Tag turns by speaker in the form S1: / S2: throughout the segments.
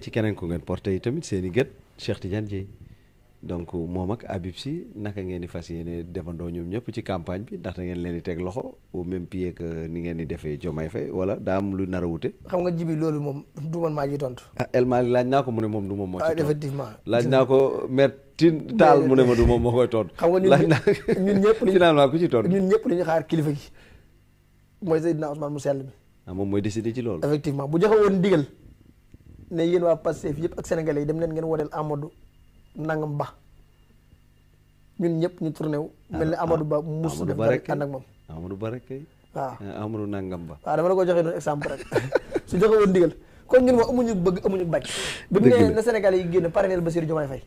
S1: ci keneen ku ngeen porté yi tamit seen i gët Cheikh Tidiane Dièye donc moom ak Habib Sy naka ngeen di fas yéene defandoo ñoom ñëpp ci campagne bi ndax da ngeen leen di teg loxo au même ni ngeen di defee Diomaye wala daa lu nar wute. xam nga jibi loolu moom du man maa ji tontu. ah laaj naa ko mu ne moom du moom moo ci ah, tontu laaj naa ko maître Tine mu ma du moom moo koy tontu. xam nga ñun
S2: ñun ñëpp laaj naa ku ci tontu. ñun ñëpp la ñu xaar kilifa gi mooy Seydina Ousmane mu sell bi.
S1: ah moom mooy décidé ci loolu.
S2: effectivement bu joxe woon ndigal ne yéen waa Pastef yëpp ak sénégalais yi dem leen ngeen woteel Amadou nangam ba ñun ñëpp ñu tourné wu. Ah, mel ni ah, Amadou Ba musu def dara ànd ak moom
S1: Amadou Ba rek kay waaw ah. Amadou nangam ba
S2: waaw dama la ko joxe noonu exemple su joxe woon ndigal kon ñun moom amuñu bëgg amuñu bañ bi mu ne na sénégalais yi génn ba Bassirou Diomaye fay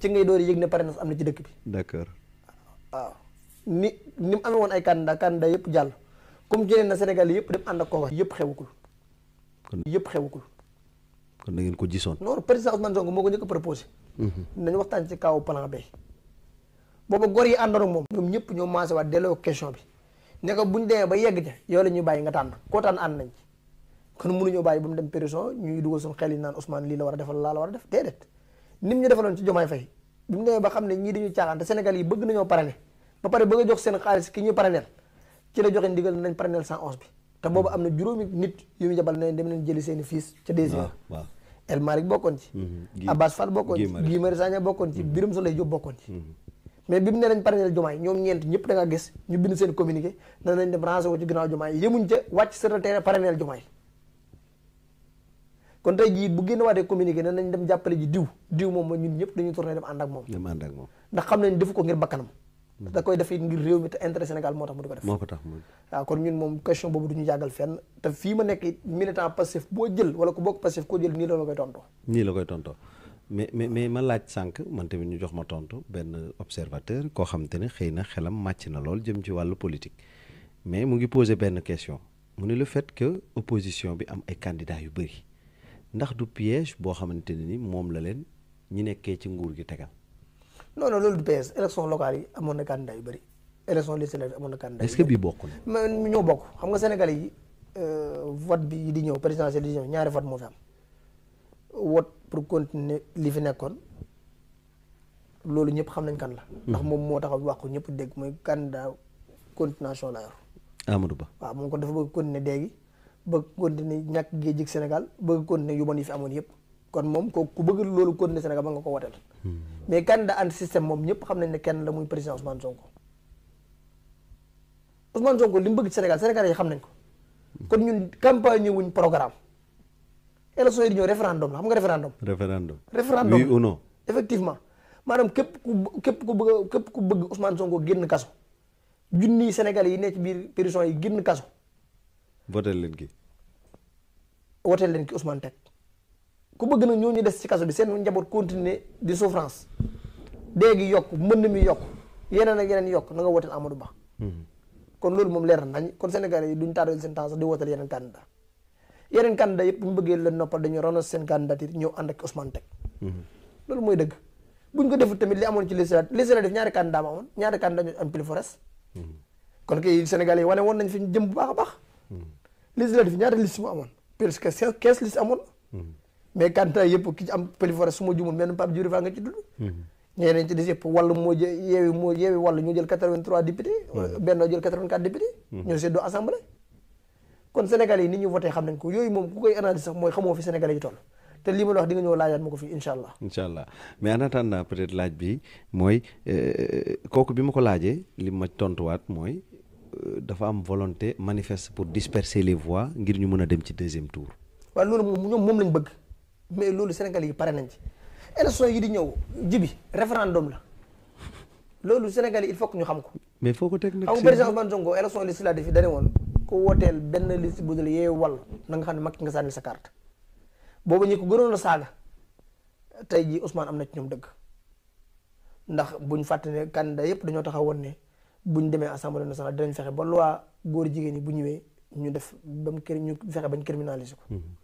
S2: ci ngay door yëg ne parrainage am na ci dëkk bi d'accord waaw ni ni mu amee woon ay candidat candidat yëpp jàll comme ci ne na sénégalais yëpp dem ànd ak kooka yëpp yépp xew xewukul
S1: kon da ngeen ko gisoon.
S2: non président Ousmane Sonko moo ko njëkk a mhm. nañu waxtaan ci kaw plan B. boobu góor yi àndoon ak moom. ñoom ñëpp ñoo maase waat delloo question bi ne ko bu ñu demee ba yegg ja yow la bàyyi nga tànn koo tànn ànd nañ ci. kon mënuñoo bàyyi ba mu dem prison ñuy dugal suñu xel yi naan Ousmane lii la war a defal laa la war a def déedéet nim ñu defaloon ci Jomaay Fay bi mu demee ba xam ne ñii dañuy caaxaan te Sénégal yi bëgg nañoo parrainer ba pare bëgg a jox seen xaalis ki ñuy parrainer ci la joxe ndigal nañ parrainer 111 na juróomi nit yu ñu jabal ne dem nañ jëli El Malick bokkoon ci.
S3: Mhm. Abbas Fall bokkoon ci Guy
S2: Marius Sagna bokkoon ci mhm. Birame Souleye Diop bokkoon ci. Mhm. mais bi mu ne lañ parrainé Jomaay ñoom ñeent ñëpp da nga gis ñu bind seen communiqué na nañ dem ranger wu ci ginnaaw Jomaay yemuñ Jomaay kon tey jii bu génn waatee communiqué na nañ dem jàppale ji diw diw moom mooy ñun ñëpp dañuy tourné dem ànd ak moom. dem ànd ak ndax xam nañ defu ko ngir bakkanam. da koy def ngir réew mi te intérêt Sénégal moo tax mu di ko def moo ko tax moom question boobu du ñu jàggal fenn te fii ma nekk militant passif boo jël wala ku bokk passif koo jël nii la la koy tontoo
S1: nii la koy tontoo mais mais mais ma laaj sànq man tamit ñu jox ma tontu benn observateur koo xam ne xëy na xelam màcc na lool jëm ci wàllu politique mais mu ngi posé benn question mu ne le fait que opposition bi am ay candidats yu bëri ndax du piège boo xamante ne ni moom la leen ñi nekkee ci nguur gi tegal
S2: non loolu du PS élection locale yi amoon na candidat yu bëri élection législative amoon na candidat est-ce que bii bokk na ñoo bokk xam nga sénégalais yi euh, vote bi di ñëw présidentielle di ñëw ñaari vote moo fi pour continuer li fi nekkoon loolu ñëpp xam nañ kan la hmm. ndax moom moo taxaw wax ko ñëpp dégg mooy candidat continuation la yor Amadou Ba waaw moom kon dafa bëgg continuer déegi bëgg continuer ñàkk géej gi Sénégal bëgg continuer yu bon yi fi amoon yëpp kon moom ko ku bëgg loolu continuer Sénégal ba nga ko wateel mais candidat anti système moom ñëpp xam nañ ne kenn la muy président Ousmane Sonko Ousmane Sonko li mu bëgg ci Sénégal yi xam nañ ko kon ñun campagne wuñ programme élection yi di ñëw référendum la xam nga référendum.
S1: référendum référendum oui ou non.
S2: effectivement maanaam képp ku képp ku bëgg képp ku bëgg Ousmane Sonko génn kaso junniy Sénégalais yi nekk ci biir prison yi génn kaso.
S1: woteel leen ki
S2: woteel leen ki Ousmane ku bëgg nag ñoo ñu des ci kaso bi seen njaboot continuer di souffrance déegi yokk na mi yokk yeneen ak yeneen yokk na nga wooteel Ba hmm. kon loolu moom leer nañ kon Sénégalais yi duñ taaral seen temps sax di wooteel yeneen candidat yeneen candidat yëpp bu ñu bëggee leen noppal dañu renoncé seen candidature ñëw ànd ak Ousmane Tek hmm. loolu mooy dëgg buñ ko defut tamit li amoon ci législative législative def ñaari candidat ma amoon ñaari candidat ñu am pilifores hmm. kon kay Sénégalais yi wane woon nañ fi jëm bu baax a baax législative ñaari liste mu amoon presque quinze liste amoon mais kantaa yëpp ki ci am pëlifore su ma jumul mel ni Pape Diouf nga ci dudd ñeneen ci des yëpp wàllu moo yeewi moo yeewi ñu jël quatre-vingt-trois députés Benno jël quatre-vingt-quatre députés mm-hmm. ñoo seddoo assemblée kon Sénégal yi ni ñu voté xam nañ ko yooyu moom ku koy analyse sax mooy xamoo fi Sénégal yi toll te lii ma la wax di nga ñëw laajaat ma ko fii incha allah.
S1: incha allah mais en attendant peut laaj bi mooy euh, kooku bi ma ko laajee li ma tontuwaat mooy euh, dafa am volonté manifeste pour disperser les voix ngir ñu mën a dem ci deuxième tour.
S2: waaw loolu moom ñoom moom lañ bëgg. mais loolu Sénégal yi pare nañ ci élection yi di ñëw jibi référendum la loolu Sénégal yi il faut ñu xam ko.
S1: mais foo ko teg nag xam nga président
S2: Ousmane Sonko élection législative yi dañu woon ku wooteel benn liste bu dul yee wal na nga xam ne mag nga sànni sa carte boobu ñi ko gënoon a saaga tey jii Ousmane am na ci ñoom dëgg ndax buñ fàtte ne candidat yëpp dañoo taxawoon ne buñ demee assemblée nationale dinañ fexe ba loi góor jigéen ñi bu ñëwee ñu def ba mu ñu fexe bañ criminaliser ko. Mm-hmm.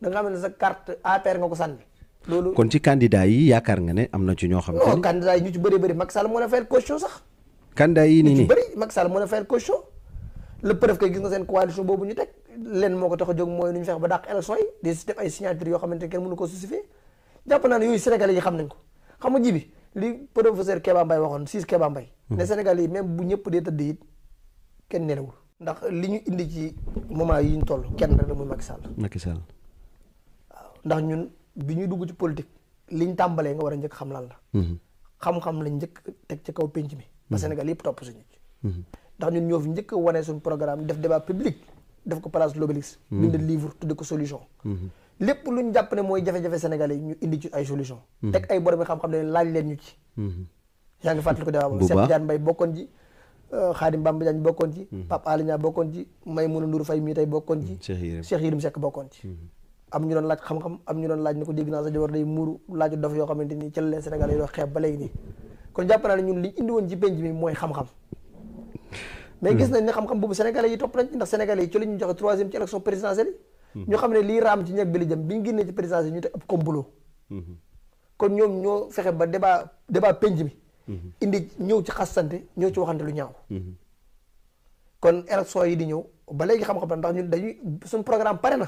S2: danga nga ne sa carte APR nga ko sànni. loolu kon
S1: ci candidat yi yaakaar nga ne am na ci ñoo xam. ne ni
S2: candidat yi ñu ci bëri bëri Macky Sall mën a faire caution sax.
S1: candidat yi nii nii ñu ci bëri
S2: Macky Sall mën a faire gis nga seen coalition boobu ñu teg leen moo ko tax a jóg mooy nu ñu fex ba dàq élection yi si def ay signature yoo xamante ne kenn mënu ko justifier jàpp naa ne yooyu sénégalais yi xam nañ ko xam nga li professeur Kéba Mbaye waxoon siis Kéba Mbaye hmm. ne sénégalais yi même bu ñëpp dee tëdd ndax li ñu indi ci moment yi ñu toll kenn rek la muy Macky Sall Macky Sall ndax ñun bi ñuy dugg ci politique liñ tàmbalee nga war a njëkk xam lan la. Mhm. xam-xam lañ njëkk teg ci kaw penc mi. ba mhm. Sénégal yëpp topp suñu ci. Mhm. ndax ñun ñoo fi njëkk a wane suñu programme def débat public def ko place de l'Obélisque. bind livre tudde ko solution. lépp lu ñu jàpp ne mooy jafe-jafe Sénégal yi ñu indi ci ay solution. teg ay borom xam-xam ne laaj leen ñu ci. yaa ngi fàttali ko débat boobu Cheikh Tidiane Mbaye bokkoon ci. Euh, Khadim Bamba Diagne bokkoon ci. Pape Alé Niang bokkoon ci Maymouna Ndour Faye mii tey bokkoon ci.
S1: Cheikh Yérim
S2: Seck bokkoon ci. am ñu doon laaj xam-xam am ñu doon laaj ne ko dégg naa sa jabar day muuru laaju dof yoo xamante ni ci la leen Sénégal yi doo xeeb ba léegi kon jàpp naa ne ñun li indi woon ci penc mi mooy xam-xam mais gis nañ ne xam-xam boobu senegal yi topp nañ ndax sénégalais yi ci la ñu joxe troisième ci élection présidentielle xam ne lii raam ci ñag bi li jëm bi ñu génnee ci présidentielle ñu teg kon ñoom ñoo fexe ba débat débat penc mi indi ñëw ci xasante ñëw ci waxante lu ñaaw kon élection yi di ñëw ba léegi xam-xam ndax ñun dañu suñ programme pare na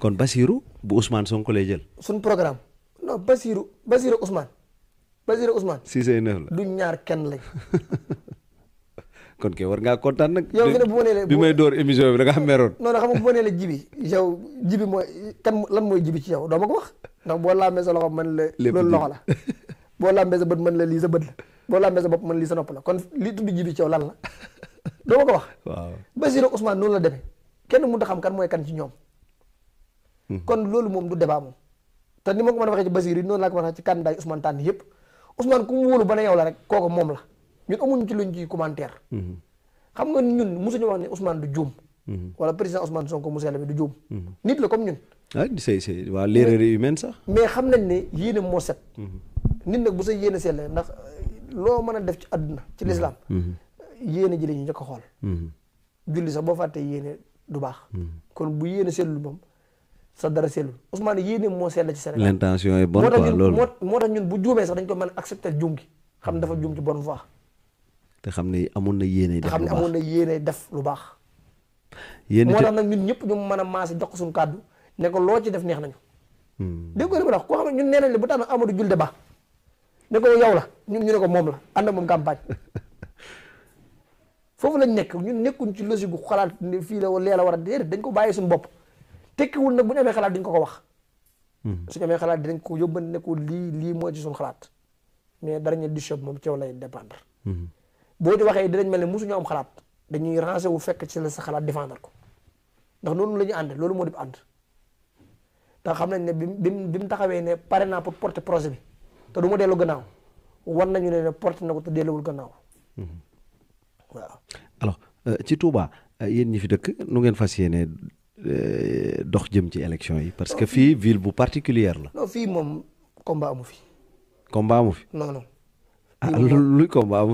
S1: kon basiiru bu Ousmane Sonko lay jël.
S2: suñ programme non Basirou Basirou Ousmane Basirou Ousmane. six la du ñaar kenn lañ.
S1: kon war ngaa kontaan nag. yow nga ne bi may door émission bi da ngaa meroon.
S2: non non xam nga bu ma nee la kan lan mooy jibi ci yow doo ko ndax boo làmbee sa loxo la. loolu loxo la boo làmbee sa mën la lii sa boo làmbee bopp mën lii sa nopp kon lii tudd jibi ci yow lan la doo ko wax. waaw Basirou Ousmane noonu la demee kenn mënut a xam kan mooy kan ci ñoom. Mhm. kon loolu moom du débat moom te ni ma ko mën a waxee ci Basir yi noonu laa ko mën a waxee ci candidat yi Ousmane Tànn yëpp Ousmane ku mu wóolu ba ne yow la rek kooku moom la ñun amuñu ci luñ ci commentaire mhm. mosuñu wax ne Ousmane du juum mhm. wala président Ousmane Sonko Moussa Lamine du juum nit la comme ñun
S1: ah c'est c'est waa l'erreur humaine sax
S2: mais xam nañ ne yéene moo set nit nag bu sa yéene seetlee ndax euh, loo mën a def ci àdduna ci lislaam yéene ji la ñu xool julli sax boo fàttee yéene du baax kon bu yéene seetlu moom sa dara sellul Ousmane yéene moo sell ci Sénégal. l'intention est bonne quoi loolu moo tax ñun bu juumee sax dañ ko mën accepter juum gi xam dafa juum ci bonne voie.
S1: te xam ne amoon na yéene. def lu baax xam ne amoon
S2: na yéene def lu baax. yéen moo tax nag ñun ñëpp ñu mën a maase jox suñ kàddu ne ko loo ci def neex nañu. Hmm. dégg nga li ma la wax koo xam ne ñun nee nañ la bu tax nag Amadou Julde Ba ne ko yow la ñu ne ko moom la ànd moom campagne. foofu lañ nekk ñun nekkuñ ci logique gu xalaat fii la leela war a de dañ ko bàyyi suñu bopp tekkiwul nag bu ñu amee xalaat duñ ko ko wax. Hmm. su amee xalaat dinañ ko yóbban ne ko lii lii mooy ci suñu xalaat mais dara ñu bishop moom ci lay dépendre. Hmm. boo ci waxee dinañ mel ne mosuñu am xalaat dañuy rangé wu fekk ci la sa xalaat défendre ko ndax loolu la ñu ànd loolu moo di ànd. te xam nañ ne bi mu bi mu taxawee ne pare naa pour porter projet bi te du ma dellu gannaaw wan nañu ne ne porter na ko te delluwul gannaaw.
S1: Hmm. waaw euh, ci tuubaa euh, yéen ñi fi dëkk nu ngeen fas yéene Euh, dox jëm ci élection yi parce que fii ville bu particulière la.
S2: non fii moom combat amu fi. combat amu fi. non non.
S1: ah luy combat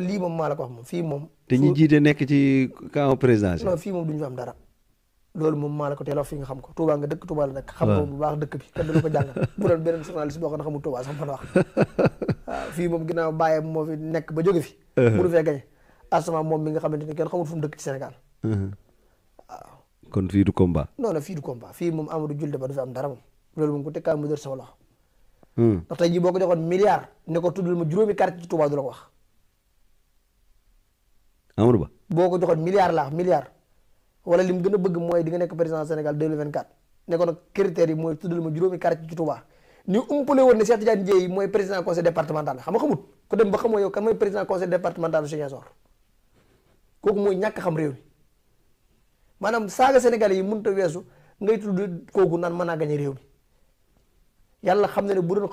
S2: lii moom maa la ko wax moom fii moom. te
S1: ñi nekk ci camp présidentiel.
S2: fii moom du ñu am dara. loolu moom maa la ko teel xam ko Touba nga dëkk Touba la nag. xam nga bu baax bi kenn du ko jàngal. xam ne a fii moom ginnaaw bàyyam moo fi nekk ba jóge fi. bu uh-huh. du fee gañe moom mi nga xamante ne kenn xamul fu dëkk ci Sénégal.
S1: Uh-huh. kon fii du combat.
S2: non non fii du combat fii moom Amadou Julde ba du fi am dara moom loolu moom ku teg kaa mu dër sama loxo. Hmm. tey jii boo ko joxoon milliard ne ko tuddal ma juróomi quartier ci Touba du la ko wax. Amadou boo ko joxoon milliard laax milliard wala lim gën a bëgg mooy di nga nekk président Sénégal 2024 ne ko nag critères yi mooy tuddal ma juróomi quartier ci Touba ni umpale woon ne Cheikh Tidiane Dieye mooy président conseil départemental xam nga xamut ku dem ba xamoo yow kan mooy président conseil départemental Ziguinchor kooku mooy ñàkk xam réew mi. maanaam saaga senegal yi mun a weesu ngay tudd kooku naan mën naa gañe réew mi yàlla xam na ne bu doon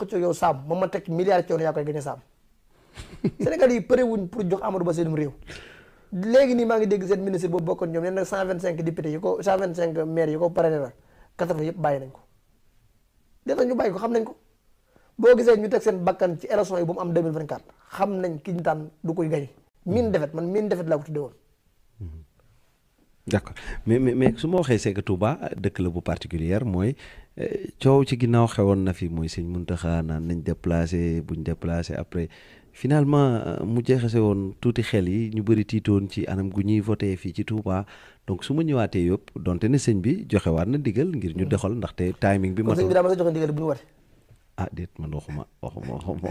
S2: ma ma teg milliard coono yaa koy gañe saam sénégalais yi pare pour jox Amadou Ba seenum réew léegi nii maa ngi dégg seen ministre boobu bokkoon ñoom nee na 125 députés yi ko 125 ko na nañ ko xam nañ ko boo gisee ñu teg seen bakkan ci élection yi bu mu am 2024 xam nañ ki ñu tànn du koy gañe miin defet man miin defet laa ko tudde woon
S1: d' accord mais mais mais su ma waxee c'est que Touba dëkk la bu particulière mooy eh, coow ci ginnaaw xewoon na fi mooy sëñ Muntaxa naan nañ déplacé buñ déplacé après finalement euh, mu jeexase woon tuuti xel yi ñu bëri tiitoon ci anam gu ñuy voté fii ci Touba donc su ma ñëwaatee yëpp donte ne sëñ bi joxe waat na digal ngir ñu doxal ndaxte timing bi. matul sëñ bi daa ma joxe digal bu ñu wate ah déet man waxuma waxuma waxuma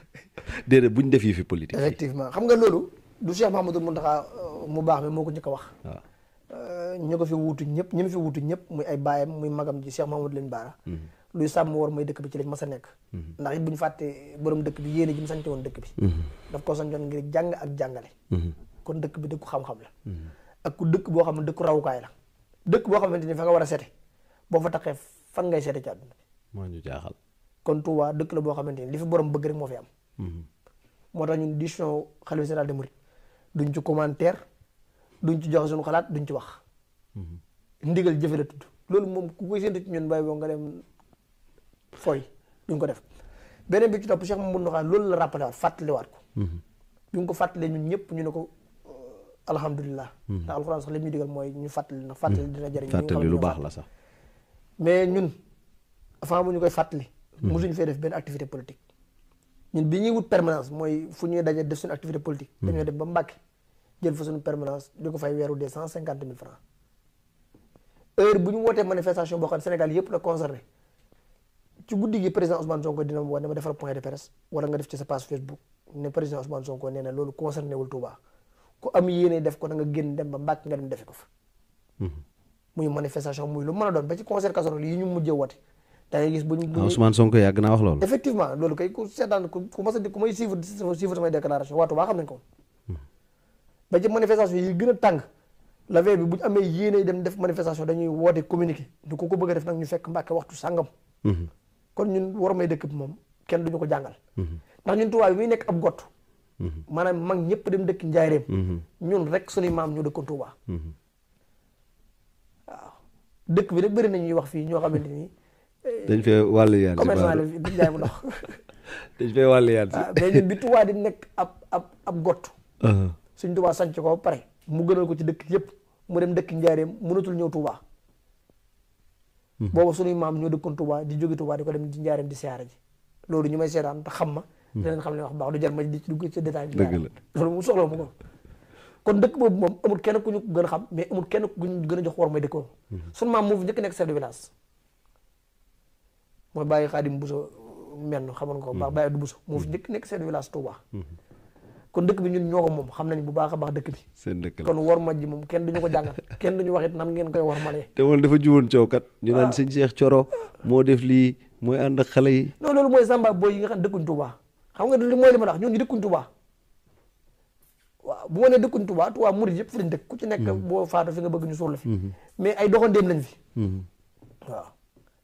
S1: déedéet buñ def yi fi politique. effectivement
S2: xam nga loolu du Cheikh Mahamadou Muntaxa euh, mu baax mi moo ko wax. Euh, ñu ko fi wuutu ñëpp ñi mu fi wuutu ñëpp muy ay baayam muy magam ji Cheikh Mamadou leen Bara mhm. luy sàmm war mooy dëkk bi ci lañ mas sa nekk mhm. ndax it bu ñu fàtte borom dëkk bi yéene ji woon dëkk bi mhm. daf ko santoon ngir jàng ak jàngale kon dëkk bi dëkku xam-xam la ak ku dëkk boo xam ne dëkku rawukaay la dëkk boo xamante ne fa nga war a sete boo fa taxee fan ngay sete ci àdduna
S3: moo ñu jaaxal
S2: kon Touba dëkk la boo xamante ni li fi borom bëgg rek moo fi am moo tax ñun décision xalifa général des mourides duñ ci commentaire duñ ci joxe suñu xalaat duñ ci wax. Mhm. ndigal jëfe la tudd loolu moom ku koy séntu ci ñun bàyyi boo nga dem fooy duñ ko def beneen bi ci topp Cheikh Mamadou Ndoxaan loolu la rappelé fàttaliwaat ko. Mhm. bi ñu ko fàttalee ñun ñëpp ñu ne ko euh, alhamdulilah. Mhm. ndax alxuraan sax li ñu digal mooy ñu fàttali ndax fàttali dina jëriñ. fàttali lu baax la sax. mais ñun avant bu ñu koy fàttali. mosuñu fee def benn activité politique. ñun bi ñuy wut permanence mooy fu ñuy daje def suñu activité politique. dañoo dem ba mu Mbàkke jël fa suñu permanence di ko fay weeru deux cent cinquante mille francs heure bu ñu wootee manifestation boo xam ne Sénégal yëpp la concerné ci guddi gi président Ousmane Sonko dina ma na loolu concerné wul Touba ku am yéene def ko da nga génn dem ba Mbàkke nga dem defi ko fa. Mhm. muy manifestation muy lu mën a doon ba ci concert casserole yi ñu mujjee woote. da gis bu ñu bu ah, ñu Ousmane
S1: Sonko yàgg naa wax loolu.
S2: effectivement loolu kay ku seetaan ku ku mas ko. ba ci manifestation yi gën a tàng la veille bi bu ñu amee yéene dem def manifestation dañuy woote communiqué du ko ko bëgg a def nag ñu fekk Mbàkke waxtu sàngam mhm. kon ñun war may dëkk bi moom kenn duñu ko jàngal mhm. ndax ñun Tuubaa bi muy nekk ab gott mhm. maanaam mag ñëpp dem dëkk njaareem ñun rek suñuy maam ñu dëkkoon Tuubaa bi nag bëri na ñuy wax fii ñoo xamante ni
S1: eh, dañ fee wàllu yaan commerçant la fi
S2: di jaay mu ndox
S1: dañ fee
S2: ab ab uh-huh. Sëñ Tuubaa sanc ko ba pare mu gënal ko ci dëkk yépp mu dem dëkk njaareem mënatul ñëw Tuubaa hmm. booba suñuy maam ñoo dëkkoon Tuubaa di jóge Tuubaa di ko dem ci njaareem di siyaara ji loolu ñu may seetaan te xam ma hmm. dinañ xam ne wax baax du jar ma di ci dugg ci détail loolu moom soxla ma kon dëkk boobu moom amul kenn ku ñu gën a xam mais amul kenn ku ñu gën a jox war may dëkk boobu hmm. suñu maam moo fi njëkk nekk chef de village bàyyi bàyyi Xaadim Buso menn xamoon ko baax bàyyi du Buso mu fi njëkk nekk chef de village kon dëkk bi ñun ñoo ko moom xam nañ bu baax a baax dëkk bi. seen dëkk la kon moom kenn duñu ko jàngal kenn duñu waxit nan ngeen koy wormalee.
S1: te moom dafa juwoon coow kat. ñu naan ah. sëñ Cheikh Coro moo def lii mooy ànd ak xale yi.
S2: non loolu mooy Samba booy yi nga xam dëkkuñ Touba xam nga li mooy li ma wax ñun ñu dëkkuñ Touba waaw bu ma nee dëkkuñ Touba Touba murid yëpp fi lañ dëkk ku ci nekk mm-hmm. boo faatu fi nga bëgg ñu suul la fi. Mm-hmm. mais ay doxandéem lañ fi. Mm-hmm. waaw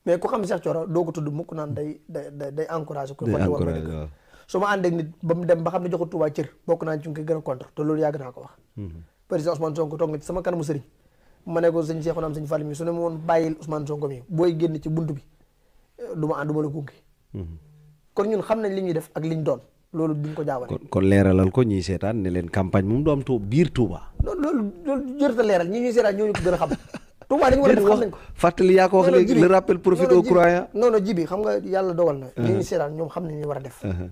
S2: mais ku xam Cheikh Coro doo ko tudd mukk naan day day day encouragé. day encouragé su ma ànd nit ba mu dem ba xam ne joxul Touba cër bokk naa ci ñu koy gën a contre te loolu yàgg a ko wax mhm. président Ousmane Sonko toog na ci sama kanamu sëriñ ma ne ko sëñ Cheikh naam sëñ Fall mi su ne ma woon bàyyil Ousmane Sonko mi booy génn ci bunt bi eh, du ma ànd du ma la gunge mhm. kon ñun xam nañ li ñuy def ak li ñu doon loolu duñ ko jaawale kon
S1: leeralal ko ñuy seetaan ne leen campagne moom du am tu biir Touba
S2: loolu loolu loolu jërta leeral ñi ñuy seetaan xam Touba dañu war a nañ ko
S1: fàttali yaa ko wax le rappel profite aux croyants
S2: non nga yàlla dogal na ñi uh-huh. ñoom xam ne ñu war a def uh-huh.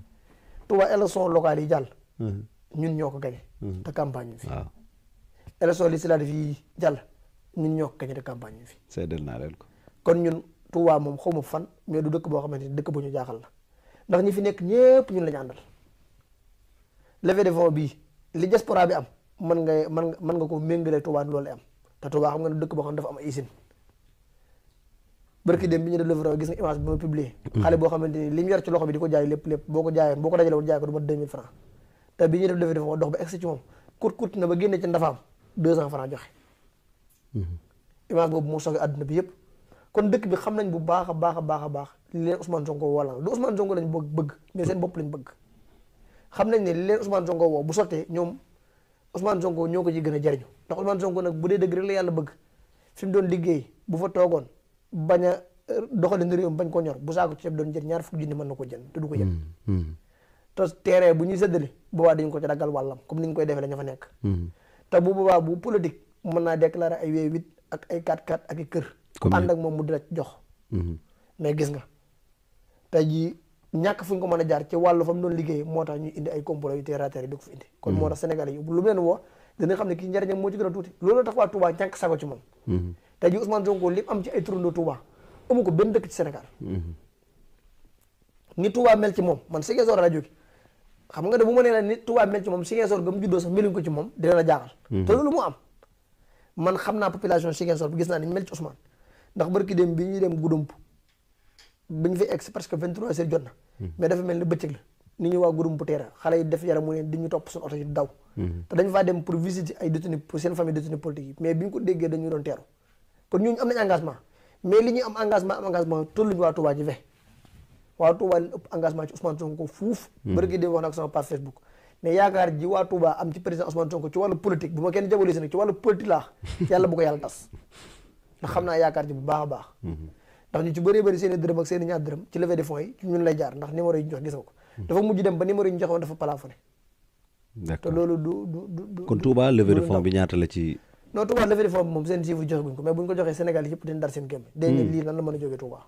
S2: Touba élection locale yi jàll. Mmh. ñun ñoo ko gañe. Mmh. te campagne ñu fi. waaw ah. élection législative yi jàll ñun ñoo ko gañe te campagne ñu fi.
S1: seedeel naa leen ko.
S2: kon ñun Touba moom xaw ma fan mais du dëkk boo xamante ni dëkk bu ñu jaaxal la ndax ñi fi nekk ñëpp ñun la ñu àndal. levée de fonds bii li diaspora bi am man nga mën nga mën nga ko méngale Touba loolu am te Touba xam nga ne dëkk boo xam ne dafa am ay usine barki dem bi ñu délivrer gis nga image li mu mm. yor ci loxo bi di ko jaay lépp lépp boo ko jaayee boo ko dajalee woon jaay ko na ba mm-hmm. boobu moo soog àdduna bi yëpp. kon dëkk bi xam nañ bu baax a baax a baax a baax li leen Ousmane Sonko wala du Ousmane Sonko lañ bëgg mais seen bopp lañ bëgg xam nañ ne li leen Ousmane Sonko woo bu sottee ñoom Ousmane Sonko ñoo ko ci gën a jariñu ndax Ousmane Sonko nag bu dee dëgg rek la yàlla bëgg fi mu doon liggéey bu fa toogoon bañ a euh, doxalin réewam bañ koo ñor bu saako ceeb doon jënd ñaar fukki junni mën na ko jënd te du ko jënd. Mm, mm. te terrain bu ñuy séddale boobaa dañ ko ci daggal wàllam comme ni ñu koy defee la fa nekk. Mm. te bu boobaa bu politique mën naa déclarer ay wee huit ak ay quatre quatre ak i kër. ku ànd moom mu dina jox. mais gis nga tey ñàkk fu ñu ko mën a jaar ci wàllu fa doon liggéey moo tax ñu indi ay complot yu terre à terre yi di ko fi indi. kon moo tax Sénégal yi lu mu leen woo a xam ne kii njariñam moo ci gën a tuuti loolu tax waa Touba ñàkk sago ci moom. te ji Ousmane Sonko li am ci ay turandoo Touba amu ko benn dëkk ci Sénégal. Mm-hmm. ni Touba mel ci moom man a laa jóge xam nga ne bu ma nee la ni Touba mel ci moom Ziguinchor ga mu juddoo sax meluñ ko ci moom dina la jaaxal. Mm-hmm. te loolu mu am man xam naa population Ziguinchor bi gis naa ni mel ci Ousmane ndax barki dem bi ñuy dem Goudomp bi ñu fay egg si parce que 23 jot na. Mm-hmm. mais dafa mel ni bëccëg la. ni ñu waa Goudomp teera xale yi def yaram mu ne di ñu topp suñu oto yi daw. te déggee dañu doon teeru kon ñooñu am nañ engagement mais li ñuy am engagement am engagement tolluñu waa Touba ci ve waa Touba leen ëpp engagement ci Ousmane fuuf hmm. bërigi de wax na ko sama page Facebook mais yaakaar ji waa Touba am ci président Ousmane Sonko ci wàllu politique bu ma kenn jabolise nag ci bu ko yàlla tas a hmm. i dërëm ak seen i ñaar dërëm ci levée de fonds yi ci ñun lay jaar ndax numéro yi ñu jox gis nga ko hmm. dafa mujj dem ba numéro yi ñu joxoon dafa plafonné d'accord te loolu du du du kon Touba levée de bi
S1: ñaata la ci
S2: non Touba levée de moom seen chiffre joxe guñ ko mais buñ ko joxee Sénégal yëpp dañ dar seen gémmiñ. dégg nga hmm. lii nan la mën a jógee Touba.